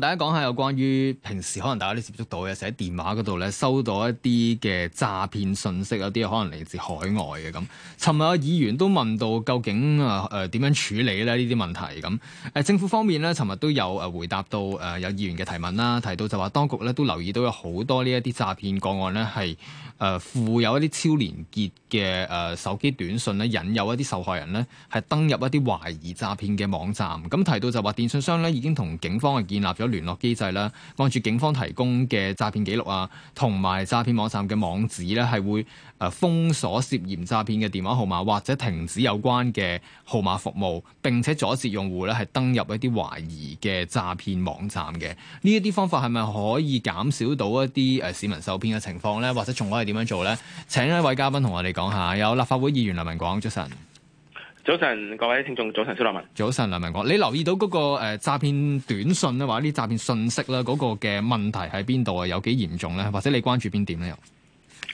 大家講下有關於平時可能大家都接觸到嘅，成喺電話嗰度咧收到一啲嘅詐騙訊息，有啲可能嚟自海外嘅咁。尋日有議員都問到，究竟啊誒點樣處理咧呢啲問題咁？誒、呃、政府方面咧，尋日都有誒回答到誒、呃、有議員嘅提問啦，提到就話當局咧都留意到有好多呢一啲詐騙個案咧係誒附有一啲超連結嘅誒、呃、手機短訊咧，引誘一啲受害人咧係登入一啲懷疑詐騙嘅網站。咁、嗯、提到就話電信商咧已經同警方係建立咗聯絡機制啦，按住警方提供嘅詐騙記錄啊，同埋詐騙網站嘅網址咧，係會誒封鎖涉嫌詐騙嘅電話號碼，或者停止有關嘅號碼服務，並且阻截用戶咧係登入一啲懷疑嘅詐騙網站嘅，呢一啲方法係咪可以減少到一啲誒市民受騙嘅情況呢？或者仲可以點樣做呢？請一位嘉賓同我哋講下，有立法會議員梁文廣，早晨。早晨，各位聽眾，早晨，小立文。早晨，梁文廣，你留意到嗰、那個誒、呃、詐騙短訊啊，或者啲詐騙信息啦，嗰個嘅問題喺邊度啊？有幾嚴重咧？或者你關注邊點咧？又？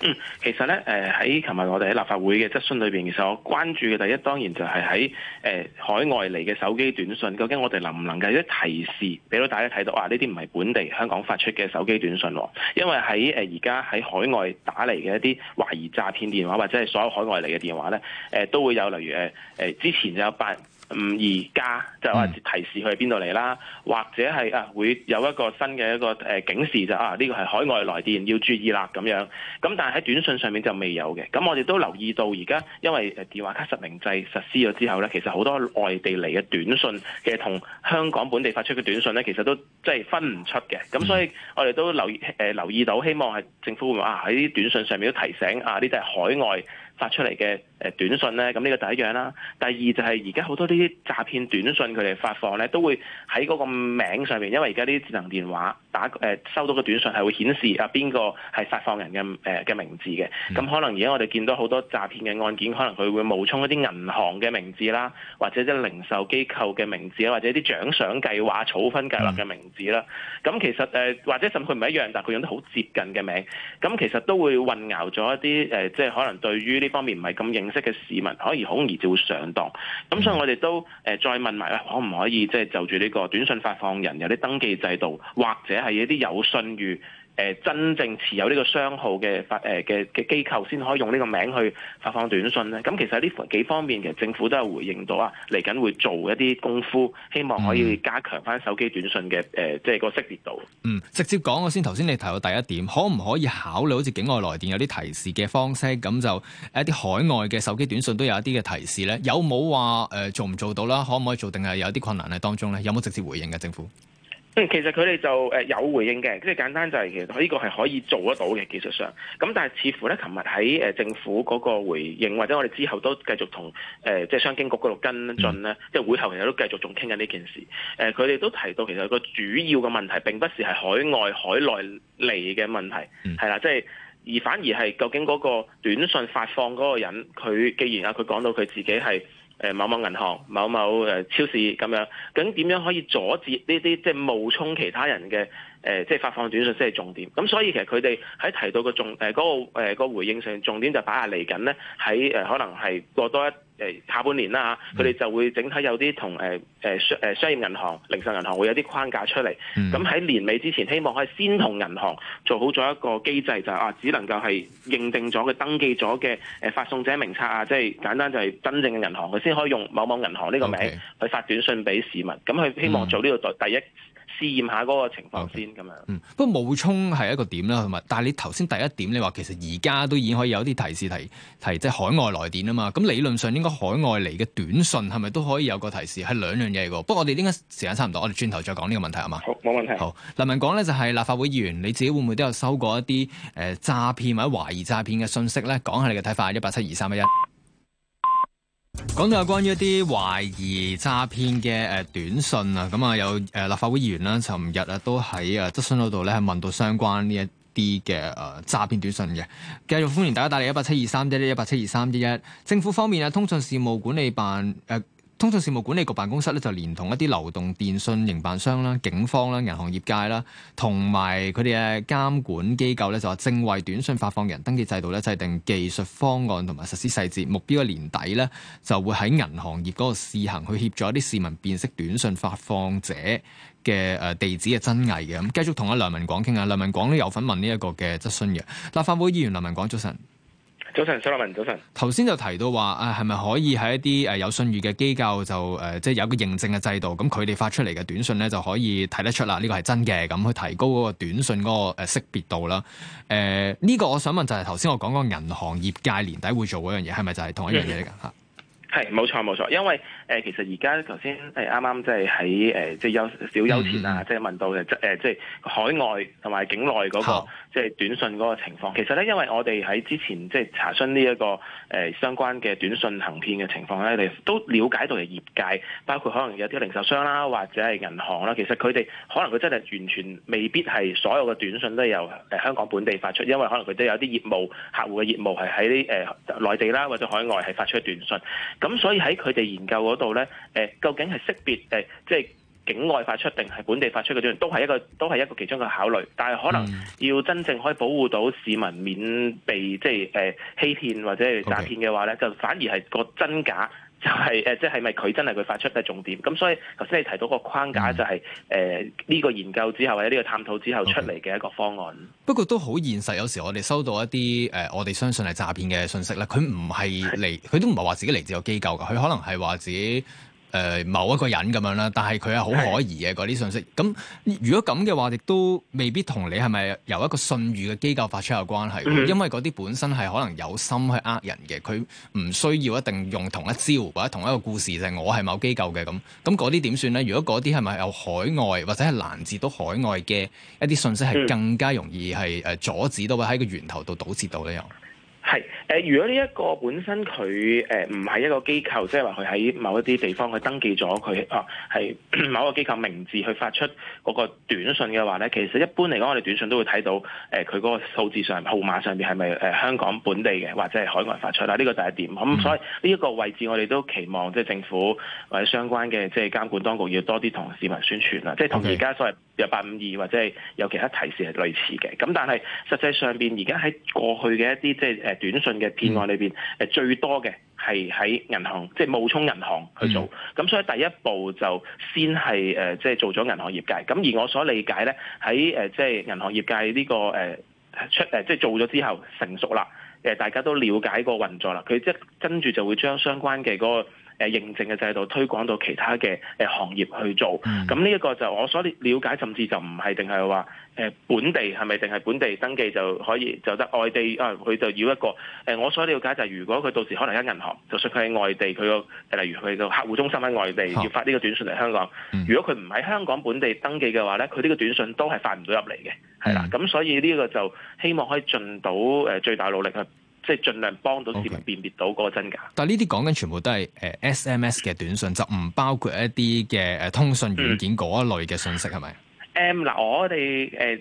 嗯，其實咧，誒喺琴日我哋喺立法會嘅質詢裏邊，其實我關注嘅第一，當然就係喺誒海外嚟嘅手機短訊，究竟我哋能唔能夠一提示俾到大家睇到啊？呢啲唔係本地香港發出嘅手機短訊。哦，因為喺誒而家喺海外打嚟嘅一啲懷疑詐騙電話或者係所有海外嚟嘅電話咧，誒、呃、都會有，例如誒誒、呃呃、之前就有八。嗯，而家就話提示佢喺邊度嚟啦，或者係啊會有一個新嘅一個誒警示，就啊呢個係海外來電要注意啦咁樣。咁但係喺短訊上面就未有嘅。咁我哋都留意到而家因為電話、啊、卡實名制實施咗之後咧，其實好多外地嚟嘅短訊嘅同香港本地發出嘅短訊咧，其實都即係、真係、分唔出嘅。咁所以我哋都留意誒、呃、留意到，希望係政府會啊喺啲短訊上面都提醒啊呢啲係海外。發出嚟嘅誒短信咧，咁呢個第一樣啦。第二就係而家好多呢啲詐騙短信佢哋發放咧，都會喺嗰個名上面，因為而家啲智能電話。打誒收到嘅短訊係會顯示啊邊個係發放人嘅誒嘅名字嘅，咁可能而家我哋見到好多詐騙嘅案件，可能佢會冒充一啲銀行嘅名字啦，或者啲零售機構嘅名字啦，或者啲獎賞計劃、儲分計劃嘅名字啦。咁、嗯、其實誒或者甚至佢唔係一樣，但係佢用得好接近嘅名，咁其實都會混淆咗一啲誒、呃，即係可能對於呢方面唔係咁認識嘅市民，可以好容易就會上當。咁所以我哋都誒、呃、再問埋咧，可唔可以即係就住呢個短訊發放人有啲登記制度，或者？係一啲有信譽、誒、呃、真正持有呢個商號嘅發誒嘅嘅機構，先可以用呢個名去發放短訊咧。咁其實呢幾方面，其實政府都係回應到啊，嚟緊會做一啲功夫，希望可以加強返手機短訊嘅誒，即、呃、係、就是、個識別度。嗯，直接講我先。頭先你提到第一點，可唔可以考慮好似境外來電有啲提示嘅方式？咁就一啲海外嘅手機短訊都有一啲嘅提示咧。有冇話誒做唔做到啦？可唔可以做？定係有啲困難喺當中咧？有冇直接回應嘅政府？其實佢哋就誒有回應嘅，即係簡單就係其實呢個係可以做得到嘅技術上。咁但係似乎咧，琴日喺誒政府嗰個回應，或者我哋之後都繼續同誒即係商經局嗰度跟進咧，嗯、即係會後其實都繼續仲傾緊呢件事。誒佢哋都提到其實個主要嘅問題並不是係海外海內嚟嘅問題，係啦、嗯，即係、就是、而反而係究竟嗰個短訊發放嗰個人，佢既然啊佢講到佢自己係。誒某某銀行、某某誒超市咁樣，咁點樣可以阻止呢啲即係冒充其他人嘅？誒、呃，即係發放短訊先係重點，咁、嗯、所以其實佢哋喺提到重、呃那個重誒嗰個誒回應上重點就擺下嚟緊咧，喺誒、呃、可能係過多一誒、呃、下半年啦、啊、嚇，佢哋就會整體有啲同誒誒商誒商業銀行、零售銀行會有啲框架出嚟。咁喺、嗯、年尾之前，希望可以先同銀行做好咗一個機制，就係、是、啊，只能夠係認定咗佢登記咗嘅誒發送者名冊啊，即係簡單就係真正嘅銀行，佢先可以用某某某銀行呢個名去發短訊俾市民。咁佢希望做呢個第一。嗯嗯嗯試驗下嗰個情況先咁 Okay. 樣。嗯，不過冒充係一個點啦，同埋，但係你頭先第一點，你話其實而家都已經可以有啲提示提提，提，即係海外來電啊嘛。咁理論上應該海外嚟嘅短信係咪都可以有個提示？係兩樣嘢個。不過我哋應該時間差唔多，我哋轉頭再講呢個問題係嘛？好，冇問題。好，梁文廣咧就係立法會議員，你自己會唔會都有收過一啲誒、呃、詐騙或者懷疑詐騙嘅信息咧？講下你嘅睇法，一八七二三一一。講到關有關於一啲懷疑詐騙嘅誒短信啊，咁啊有誒立法會議員啦，尋日啊都喺誒質詢嗰度咧係問到相關呢一啲嘅誒詐騙短信嘅，繼續歡迎大家打嚟一八七二三一一一八七二三一一，政府方面啊，通訊事務管理辦。呃通訊事務管理局辦公室咧就連同一啲流動電信營辦商啦、警方啦、銀行業界啦，同埋佢哋嘅監管機構咧就話正為短訊發放人登記制度咧制定技術方案同埋實施細節，目標嘅年底咧就會喺銀行業嗰個試行去協助一啲市民辨識短訊發放者嘅誒地址嘅真偽嘅。咁繼續同阿梁文廣傾下，梁文廣都有份問呢一個嘅質詢嘅。立法會議員梁文廣早晨。早晨，蘇立文，早晨。頭先就提到話，誒、啊，係咪可以喺一啲誒、呃、有信譽嘅機構就誒、呃，即係有一個認證嘅制度，咁佢哋發出嚟嘅短訊咧就可以睇得出啦，呢個係真嘅，咁去提高嗰個短訊嗰、那個誒識別度啦。誒、呃，呢、這個我想問就係頭先我講過銀行業界年底會做嗰樣嘢，係咪就係同一樣嘢嚟㗎？吓、嗯，係冇錯冇錯，因為。誒，其實而家頭先誒啱啱即係喺誒，即係休小休前啊！即係、呃就是嗯、問到誒，即、呃、係、就是、海外同埋境內嗰、那個即係好短訊嗰個情況。其實咧，因為我哋喺之前即係、就是、查詢呢、這、一個誒、呃、相關嘅短訊行騙嘅情況咧，你都了解到嘅業界，包括可能有啲零售商啦，或者係銀行啦。其實佢哋可能佢真係完全未必係所有嘅短訊都係由誒香港本地發出，因為可能佢都有啲業務客戶嘅業務係喺誒內地啦，或者海外係發出短訊。咁所以喺佢哋研究嗰度咧，誒、嗯，究竟係識別，誒，即係境外發出定係本地發出嘅，都係一個，都係一個其中嘅考慮。但係可能要真正可以保護到市民免被即係誒欺騙或者係詐騙嘅話咧，okay. 就反而係個真假。就係、是、誒，即係咪佢真係會佢發出嘅重點？咁所以頭先你提到個框架，就是，就係誒呢個研究之後或者呢個探討之後出嚟嘅一個方案。Okay. 不過都好現實，有時我哋收到一啲誒、呃，我哋相信係詐騙嘅信息啦。佢唔係嚟，佢的都唔係話自己嚟自個機構㗎，佢可能係話自己。誒、呃、某一個人咁樣啦，但係佢係好可疑嘅嗰啲信息。咁的如果咁嘅話，亦都未必同你係咪由一個信譽嘅機構發出有關係？嗯、因為嗰啲本身係可能有心去呃人嘅，佢唔需要一定用同一招或者同一個故事，就係、是、我係某機構嘅咁。咁嗰啲點算呢？如果嗰啲係咪由海外或者係攔截到海外嘅一啲信息係更加容易係誒阻止到，或喺個源頭度堵截到呢。又？係誒、呃，如果呢一個本身佢誒唔係一個機構，即係話佢喺某一啲地方佢登記咗佢啊，係某一個機構名字去發出嗰個短訊嘅話咧，其實一般嚟講，我哋短訊都會睇到誒佢嗰個數字上號碼上邊係咪誒香港本地嘅或者係海外發出啦？呢、啊這個第一點。咁、嗯、所以呢一個位置，我哋都期望即係政府或者相關嘅即係監管當局要多啲同市民宣傳啦，Okay. 即係同而家所謂。有八五二或者係有其他提示係類似嘅，咁但係實際上邊而家喺過去嘅一啲即係誒短訊嘅騙案裏邊，誒、嗯、最多嘅係喺銀行，即、就、係、是、冒充銀行去做。咁、嗯、所以第一步就先係誒即係做咗銀行業界。咁而我所理解咧，喺誒即係銀行業界呢、這個誒出誒即係做咗之後成熟啦，誒大家都了解過運作啦，佢即係跟住就會將相關嘅嗰、那個。誒、啊、認證嘅制度推廣到其他嘅誒、啊、行業去做，咁呢一個就我所了解，甚至就唔係定係話誒本地係咪淨係本地登記就可以就得外地啊？佢就要一個誒、啊，我所了解就係如果佢到時可能喺銀行，就算佢喺外地，佢個、啊、例如佢個客戶中心喺外地，嗯、要發呢個短訊嚟香港。如果佢唔喺香港本地登記嘅話咧，佢呢個短訊都係發唔到入嚟嘅，係啦、嗯。咁的、啊、所以呢個就希望可以盡到誒最大努力去。即係盡量幫到市民 Okay. 辨別到嗰個真假。但係呢啲講緊全部都係誒、呃、SMS 嘅短訊，就唔包括一啲嘅誒通訊軟件嗰一類嘅訊息係咪？誒嗱、嗯嗯呃，我哋誒、呃、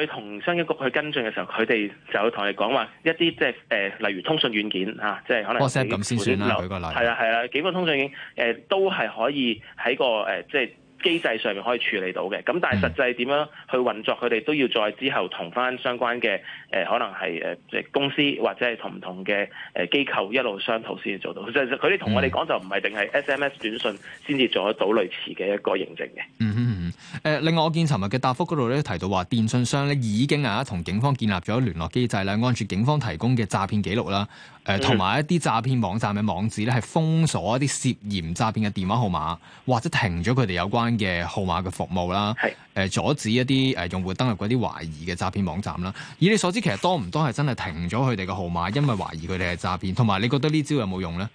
再同商經局去跟進嘅時候，佢哋就會同你講話一啲即係誒，例如通訊軟件啊，即係可能 WhatsApp 咁先算啦，舉個例，係啦係啦，幾個通訊軟件誒、呃、都係可以喺個誒、呃、即係。機制上面可以處理到嘅，咁但係實際點樣去運作，佢哋都要再之後同翻相關嘅誒、呃，可能係誒即公司或者係同唔同嘅誒機構一路商討先至做到。即就係佢哋同我哋講就唔係定係 SMS 短訊先至做得到類似嘅一個認證嘅。嗯嗯嗯。誒，另外我見尋日嘅答覆嗰度咧提到話，電信商咧已經啊同警方建立咗聯絡機制啦，按住警方提供嘅詐騙記錄啦，誒同埋一啲詐騙網站嘅網址咧係封鎖一啲涉嫌詐騙嘅電話號碼，或者停咗佢哋有關嘅號碼嘅服務啦，係、呃、誒阻止一啲誒、呃、用戶登入嗰啲懷疑嘅詐騙網站啦。以你所知，其實多唔多係真係停咗佢哋嘅號碼，因為懷疑佢哋係詐騙，同埋你覺得呢招有冇用呢？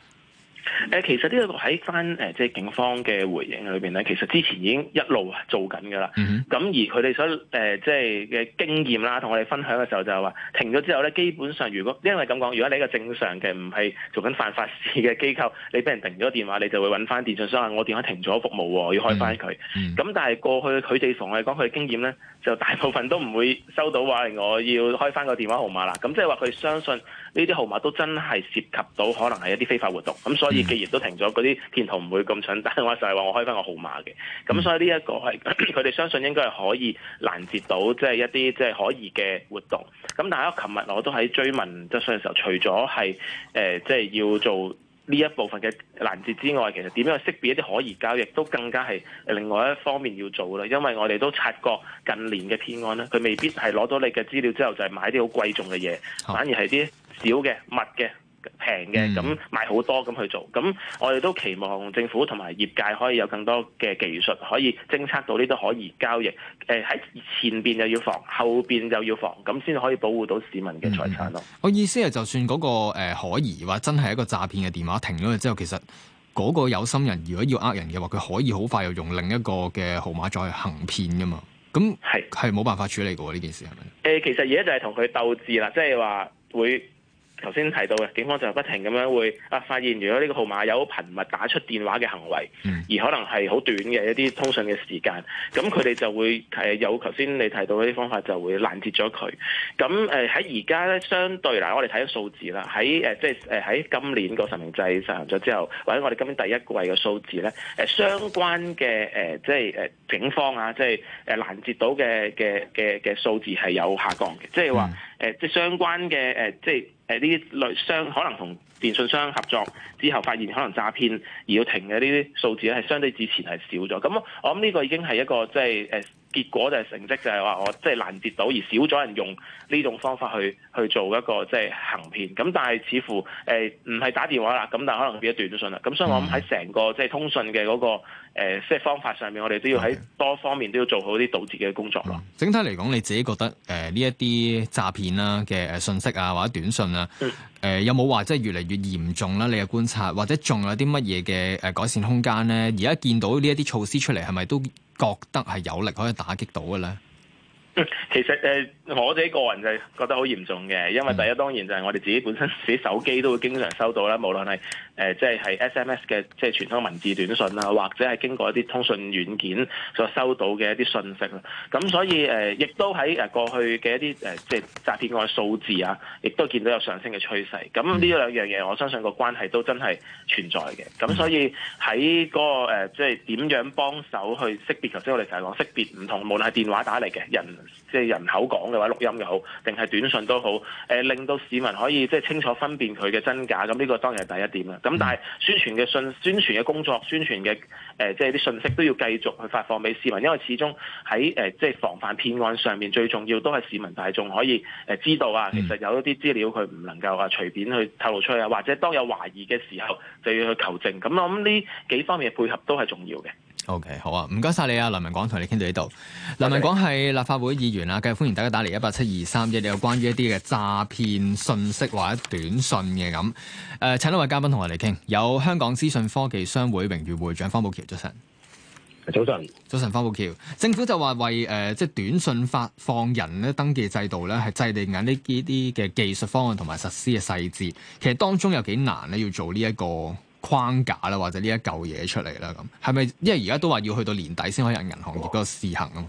誒，其實呢一個喺翻誒，即係警方嘅回應裏邊咧，其實之前已經一路做緊噶啦。咁、mm hmm. 而佢哋所誒，即係嘅經驗啦，同我哋分享嘅時候就係話，停咗之後咧，基本上如果因為咁講，如果你一個正常嘅唔係做緊犯法事嘅機構，你俾人停咗電話，你就會揾翻電信商話，我電話停咗服務喎，我要開翻佢。咁、mm hmm. 但係過去佢哋同我哋講佢嘅經驗咧，就大部分都唔會收到話我要開翻個電話號碼啦。咁即係話佢相信呢啲號碼都真係涉及到可能係一啲非法活動。咁所所以既然都停咗，嗰啲騙徒唔會咁蠢，但係話，就係話我開翻個號碼嘅。咁所以呢一個係佢哋相信應該係可以攔截到，即係一啲即係可疑嘅活動。咁但係我琴日我都喺追問質詢嘅時候，除咗係誒即係要做呢一部分嘅攔截之外，其實點樣去識別一啲可疑交易都更加係另外一方面要做啦。因為我哋都察覺近年嘅騙案咧，佢未必係攞到你嘅資料之後就係買啲好貴重嘅嘢，反而係啲少嘅物嘅。平嘅咁買好多咁去做，咁我哋都期望政府同埋業界可以有更多嘅技術，可以偵測到呢啲可疑交易。誒、呃、喺前邊又要防，後邊又要防，咁先可以保護到市民嘅財產咯、嗯。我意思係，就算嗰、那個、呃、可疑話真係一個詐騙嘅電話停咗之後，其實嗰個有心人如果要呃人嘅話，佢可以好快又用另一個嘅號碼再行騙噶嘛。咁係係冇辦法處理嘅呢件事係咪？誒、呃，其實而家就係同佢鬥智啦，即係話會。頭先提到嘅，警方就不停咁樣會啊，發現如果呢個號碼有頻密打出電話嘅行為，而可能係好短嘅一啲通訊嘅時間，咁佢哋就會係有頭先你提到一啲方法，就會攔截咗佢。咁誒喺而家咧，呃、在在相對嗱、呃，我哋睇數字啦，喺誒即係誒喺今年個實名制實行咗之後，或者我哋今年第一季嘅數字咧，誒、呃、相關嘅誒即係誒警方啊，即係誒、呃呃呃、攔截到嘅嘅嘅嘅數字係有下降嘅，即係話。誒、呃，即係相關嘅誒、呃，即係誒呢啲類商，可能同電信商合作之後，發現可能詐騙而要停嘅呢啲數字咧，係相對之前係少咗。咁我我諗呢個已經係一個即係誒。呃結果就係成績就係話我即係攔截到，而少咗人用呢種方法去去做一個即係行騙。咁但係似乎誒唔係打電話啦，咁但係可能變咗短訊啦。咁所以我諗喺成個即係通訊嘅嗰、那個、呃、即係方法上面，我哋都要喺多方面都要做好啲堵截嘅工作咯。Okay. 嗯。整體嚟講，你自己覺得誒呢一啲詐騙啦嘅誒信息啊或者短訊啊，誒、呃、有冇話即係越嚟越嚴重啦？你嘅觀察或者仲有啲乜嘢嘅誒改善空間咧？而家見到呢一啲措施出嚟係咪都？覺得係有力可以打擊到嘅咧？其實誒、呃、我自己個人就係覺得好嚴重嘅，因為第一當然就係我哋自己本身自己手機都會經常收到啦，無論係誒即係係 SMS 嘅即係傳統文字短訊啊，或者係經過一啲通訊軟件所收到嘅一啲信息啦。咁所以誒、呃、亦都喺誒過去嘅一啲誒即係詐騙案數字啊，亦都見到有上升嘅趨勢。咁呢兩樣嘢，我相信個關係都真係存在嘅。咁所以喺嗰、個誒即係點樣幫手去識別？頭先我哋就係講識別唔同，無論係電話打嚟嘅人。即係人口講嘅話錄音又好，定係短信都好，誒、呃、令到市民可以即係、就是、清楚分辨佢嘅真假，咁呢個當然係第一點啦。咁但係宣傳嘅信、宣傳嘅工作、宣傳嘅誒即係啲信息都要繼續去發放俾市民，因為始終喺誒即係防範騙案上面最重要都係市民大眾可以誒、呃、知道啊。其實有一啲資料佢唔能夠話、啊、隨便去透露出去啊，或者當有懷疑嘅時候就要去求證。咁我諗呢幾方面嘅配合都係重要嘅。OK，好啊，唔該晒你啊，梁文廣同你傾到呢度。梁文廣係立法會議員啊，繼續歡迎大家打嚟一八七二三一，有關於一啲嘅詐騙信息或者短信嘅咁。誒、呃，請一位嘉賓同我哋傾，有香港資訊科技商會榮譽會長方保僑早晨上。早晨，早晨，方保僑，政府就話為誒、呃，即係短信發放人咧登記制度咧，係制定緊呢啲啲嘅技術方案同埋實施嘅細節。其實當中有幾難咧，要做呢一個。框架啦，或者呢一嚿嘢出嚟啦，咁係咪？因為而家都話要去到年底先可以入銀行業嗰個試行啊嘛。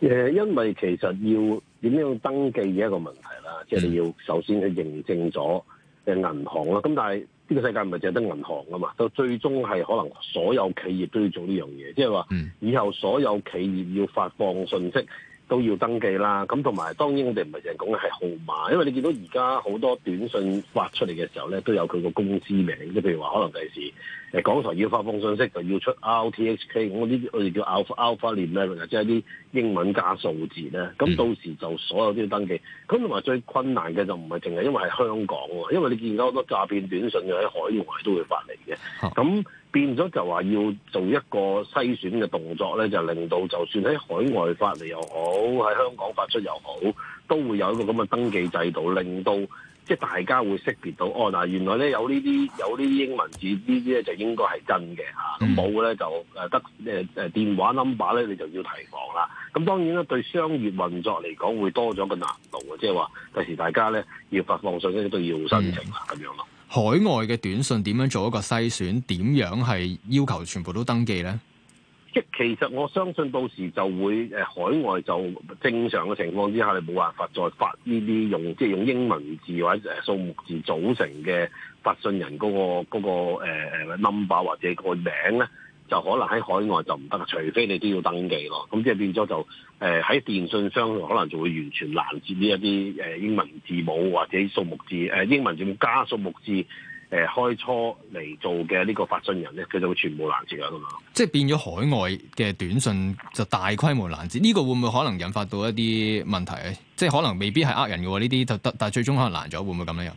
誒，因為其實要點樣登記嘅一個問題啦，即係你要首先去認證咗誒銀行咯。咁但係呢個世界唔係淨係得銀行啊嘛，到最終係可能所有企業都要做呢樣嘢，即係話以後所有企業要發放信息。都要登記啦，咁同埋當然我哋唔係淨係講緊係號碼，因為你見到而家好多短信發出嚟嘅時候咧，都有佢個公司名，即譬如話可能第時。誒港台要發放信息就要出 R T h K，我啲我哋叫 Al pha, alpha a l a 鏈咧，或係啲英文加數字咧。咁到時就所有啲登記，咁同埋最困難嘅就唔係淨係因為喺香港喎，因為你見到好多詐騙短信喺海外都會發嚟嘅。咁變咗就話要做一個篩選嘅動作咧，就令到就算喺海外發嚟又好，喺香港發出又好，都會有一個咁嘅登記制度，令到。即係大家會識別到，哦嗱，原來咧有呢啲有呢啲英文字，呢啲咧就應該係真嘅吓，咁冇咧就誒得誒誒電話 number 咧，你就要提防啦。咁當然啦，對商業運作嚟講，會多咗個難度啊，即係話第時大家咧要發放信息都要申請啊，咁、嗯、樣咯。海外嘅短訊點樣做一個篩選？點樣係要求全部都登記咧？即係其實我相信到時就會誒海外就正常嘅情況之下，你冇辦法再發呢啲用即係用英文字或者誒數目字組成嘅發信人嗰、嗰個嗰、嗰個 number 或者個名咧，就可能喺海外就唔得，除非你都要登記咯。咁即係變咗就誒喺、呃、電信商可能就會完全攔截呢一啲誒英文字母或者數目字誒、呃、英文字母加數目字。誒開初嚟做嘅呢個發信人咧，佢就會全部攔截咗㗎嘛，即係變咗海外嘅短訊就大規模攔截，呢個會唔會可能引發到一啲問題咧？即係可能未必係呃人嘅喎，呢啲得但係最終可能攔咗，會唔會咁樣？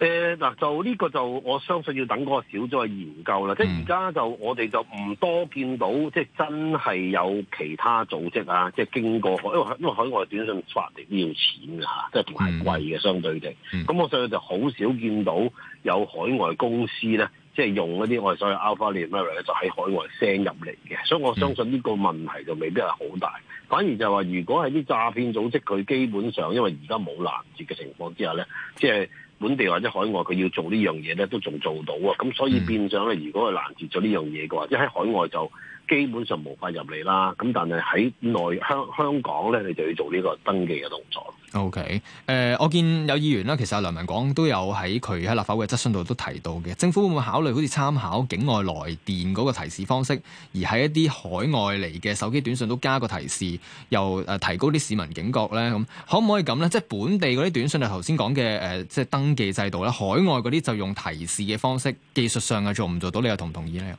誒嗱、呃，就呢、這個就我相信要等嗰個小組研究啦。嗯、即係而家就我哋就唔多見到，嗯、即係真係有其他組織啊，即係經過因為因為海外短訊發嚟都要錢㗎吓，即係同埋貴嘅相對地。咁、嗯嗯、我所以就好少見到有海外公司咧，即係用嗰啲我哋所謂 Alphanumeric 咧，就喺海外 send 入嚟嘅。所以我相信呢個問題就未必係好大。嗯、反而就話，如果係啲詐騙組織，佢基本上因為而家冇攔截嘅情況之下咧，即係。本地或者海外，佢要做呢樣嘢咧，都仲做到啊！咁所以變相咧，如果佢攔截咗呢樣嘢嘅話，即喺海外就。基本上無法入嚟啦，咁但係喺內香香港咧，你就要做呢個登記嘅動作。OK，誒、呃，我見有議員啦，其實阿梁文廣都有喺佢喺立法會嘅質詢度都提到嘅，政府會唔會考慮好似參考境外來電嗰個提示方式，而喺一啲海外嚟嘅手機短訊，都加個提示，又誒提高啲市民警覺咧？咁可唔可以咁咧？即係本地嗰啲短訊就頭先講嘅誒，即、呃、係、就是、登記制度咧，海外嗰啲就用提示嘅方式，技術上啊做唔做到？你又同唔同意咧？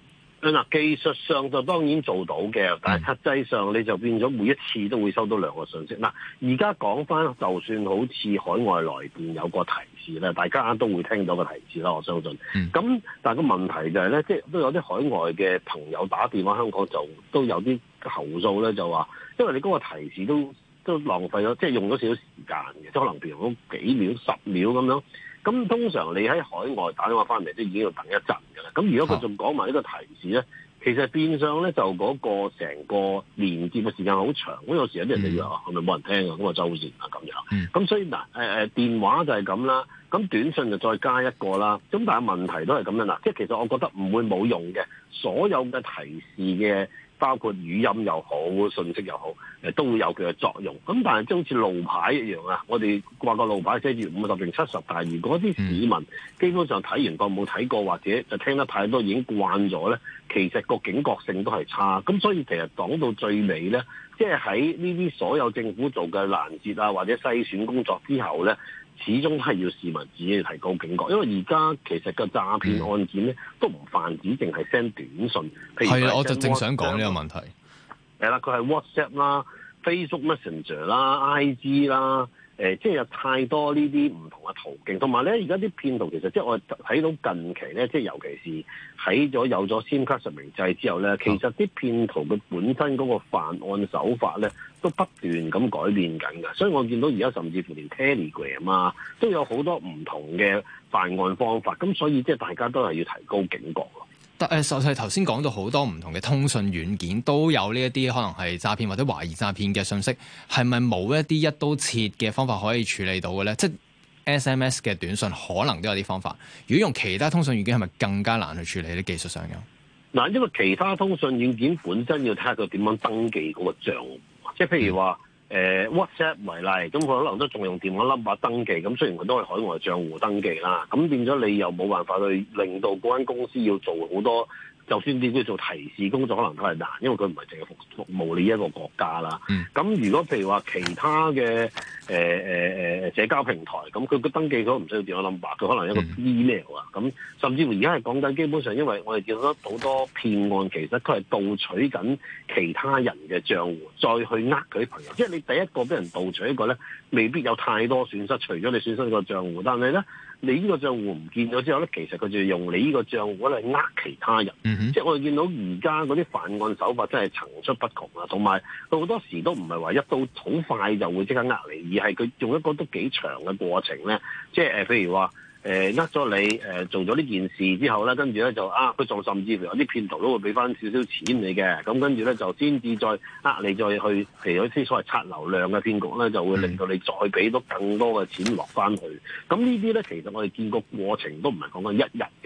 嗱，技術上就當然做到嘅，但係實際上你就變咗每一次都會收到兩個訊息。嗱，而家講翻，就算好似海外來電有個提示咧，大家都會聽到個提示啦。我相信。咁、嗯，但係個問題就係、是、咧，即、就、係、是、都有啲海外嘅朋友打電話香港就都有啲投訴咧，就話因為你嗰個提示都都浪費咗，即、就、係、是、用咗少少時間嘅，即可能譬如講幾秒、十秒咁樣。咁通常你喺海外打電話翻嚟都已經要等一陣嘅啦。咁如果佢仲講埋呢個提示咧，其實變相咧就嗰個成個連接嘅時間好長。咁有時有啲人哋你話係咪冇人聽啊？咁啊周旋啊咁樣。咁所以嗱，誒誒電話就係咁啦。咁短信就再加一個啦。咁但係問題都係咁樣啦。即係其實我覺得唔會冇用嘅，所有嘅提示嘅。包括語音又好，訊息又好，誒都會有佢嘅作用。咁但係即係好似路牌一樣啊，我哋掛個路牌寫住五十定七十，但係如果啲市民基本上睇完個冇睇過，或者就聽得太多已經慣咗咧，其實個警覺性都係差。咁所以其實講到最尾咧。即係喺呢啲所有政府做嘅攔截啊，或者篩選工作之後咧，始終都係要市民自己提高警覺，因為而家其實個詐騙案件咧、嗯、都唔限止淨係 send 短信。譬如係啊，我就正想講呢個問題。係啦，佢係 WhatsApp 啦、Facebook Messenger 啦、IG 啦。誒、呃，即係有太多呢啲唔同嘅途徑，同埋咧，而家啲騙徒其實即係我睇到近期咧，即係尤其是喺咗有咗 SIM 卡實名制之後咧，其實啲騙徒嘅本身嗰個犯案手法咧，都不斷咁改變緊㗎。所以我見到而家甚至乎連 Telegram 啊，都有好多唔同嘅犯案方法。咁所以即係大家都係要提高警覺咯。但係，實頭先講到好多唔同嘅通訊軟件都有呢一啲可能係詐騙或者懷疑詐騙嘅信息，係咪冇一啲一刀切嘅方法可以處理到嘅咧？即係 SMS 嘅短訊可能都有啲方法。如果用其他通訊軟件，係咪更加難去處理咧？技術上又嗱，因為其他通訊軟件本身要睇下佢點樣登記嗰個賬，即係譬如話。嗯誒、呃、WhatsApp 為例，咁佢可能都仲用電話 number 登記。咁雖然佢都係海外賬戶登記啦，咁變咗你又冇辦法去令到嗰間公司要做好多。就算點樣做提示工作，可能都係難，因為佢唔係淨係服服務你一個國家啦。咁、嗯、如果譬如話其他嘅誒誒誒社交平台，咁佢個登記嗰個唔需要電話 number，佢可能有個 email 啊、嗯。咁甚至乎而家係講緊，基本上因為我哋見到好多騙案，其實佢係盜取緊其他人嘅賬戶，再去呃佢啲朋友。即係你第一個俾人盜取一個咧，未必有太多損失，除咗你損失個賬戶，但係咧。你呢個賬戶唔見咗之後咧，其實佢就用你呢個賬戶嚟呃其他人，mm hmm. 即係我哋見到而家嗰啲犯案手法真係層出不窮啊！同埋佢好多時都唔係話一到好快就會即刻呃你，而係佢用一個都幾長嘅過程咧，即係誒，譬如話。誒呃咗你，誒、呃、做咗呢件事之後咧，跟住咧就呃，佢、啊、仲甚至乎有啲騙徒都會俾翻少少錢你嘅，咁跟住咧就先至再呃、啊、你，再去譬如有啲所謂刷流量嘅騙局咧，就會令到你再俾多更多嘅錢落翻去，咁呢啲咧其實我哋見過過程都唔係講緊一日。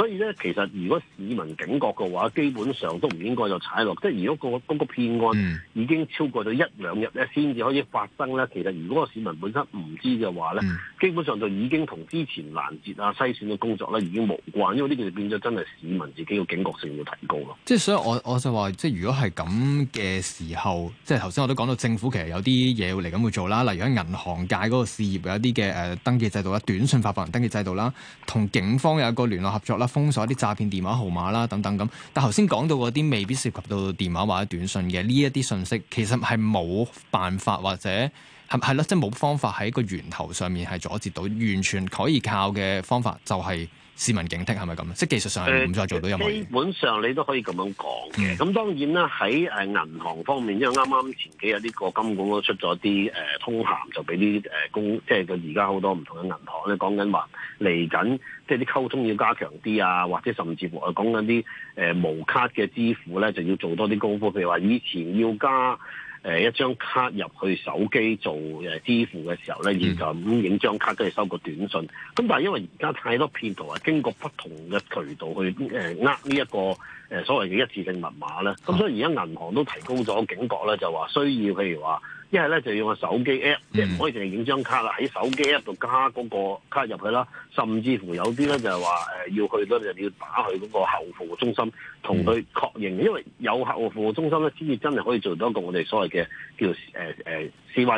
所以咧，其實如果市民警覺嘅話，基本上都唔應該就踩落。即係如果個嗰個騙案已經超過咗一兩日咧，先至可以發生咧，嗯、其實如果個市民本身唔知嘅話咧，嗯、基本上就已經同之前攔截啊、篩選嘅工作咧已經無關，因為呢件事變咗真係市民自己嘅警覺性要提高咯。即係所以，我我就話，即係如果係咁嘅時候，即係頭先我都講到政府其實有啲嘢會嚟咁去做啦，例如喺銀行界嗰個事業有一啲嘅誒登記制度啦、短信發放人登記制度啦，同警方有一個聯絡合作啦。封鎖啲詐騙電話號碼啦，等等咁。但頭先講到嗰啲未必涉及到電話或者短訊嘅呢一啲訊息，其實係冇辦法或者。係係啦，即係冇方法喺個源頭上面係阻截到，完全可以靠嘅方法就係市民警惕係咪咁？即係技術上唔再做到任何嘢。基本上你都可以咁樣講嘅。咁、嗯、當然啦，喺誒銀行方面，因為啱啱前幾日呢個金管局出咗啲誒通函，就俾啲誒公，即係佢而家好多唔同嘅銀行咧，講緊話嚟緊，即係啲溝通要加強啲啊，或者甚至乎啊講緊啲誒無卡嘅支付咧，就要做多啲功夫。譬如話以前要加。誒一張卡入去手機做誒支付嘅時候咧，要就咁影張卡跟住收個短訊。咁但係因為而家太多騙徒啊，經過不同嘅渠道去誒呃呢一、這個誒、呃、所謂嘅一次性密碼咧。咁所以而家銀行都提高咗警覺咧，就話需要譬如話。一係咧就要用手機 app，嗯、即係唔可以淨係影張卡啦，喺手機 app 度加嗰個卡入去啦。甚至乎有啲咧就係話誒，要去咧就要打去嗰個客戶服務中心同佢確認，嗯、因為有客戶服務中心咧先至真係可以做到一個我哋所謂嘅叫誒誒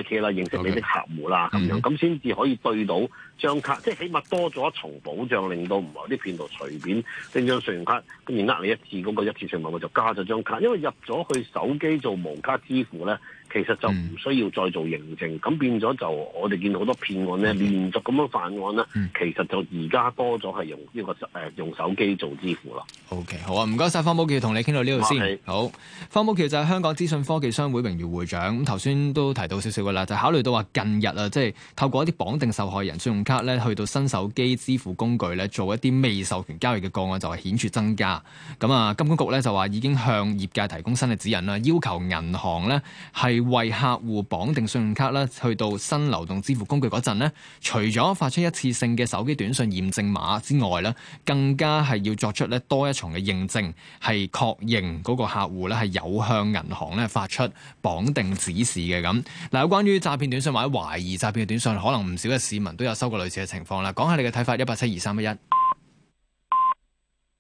CYK 啦，呃、K，認識你啲客戶啦咁樣，咁先至可以對到張卡，嗯、即係起碼多咗一層保障，令到唔係啲騙徒隨便拎張信用卡咁佢呃你一次嗰、那個一次性信用卡就加咗張卡，因為入咗去手機做無卡支付咧。呢其實就唔需要再做認證，咁變咗就我哋見到好多騙案咧，嗯、連續咁樣犯案咧，嗯、其實就而家多咗係用呢、呢個誒、呃、用手機做支付咯。OK，好啊，唔該晒。方保僑，同你傾到呢度先。啊、好，方保僑就係香港資訊科技商會榮譽會長，咁頭先都提到少少噶啦，就考慮到話近日啊，即係透過一啲綁定受害人信用卡咧，去到新手機支付工具咧，做一啲未授權交易嘅個案就係顯著增加。咁啊，金管局咧就話已經向業界提供新嘅指引啦，要求銀行咧係。為客戶綁定信用卡啦，去到新流動支付工具嗰陣咧，除咗發出一次性嘅手機短信驗證碼之外咧，更加係要作出咧多一重嘅認證，係確認嗰個客戶咧係有向銀行咧發出綁定指示嘅咁。嗱，有關於詐騙短信或者懷疑詐騙短信，可能唔少嘅市民都有收過類似嘅情況啦。講下你嘅睇法，一八七二三一一。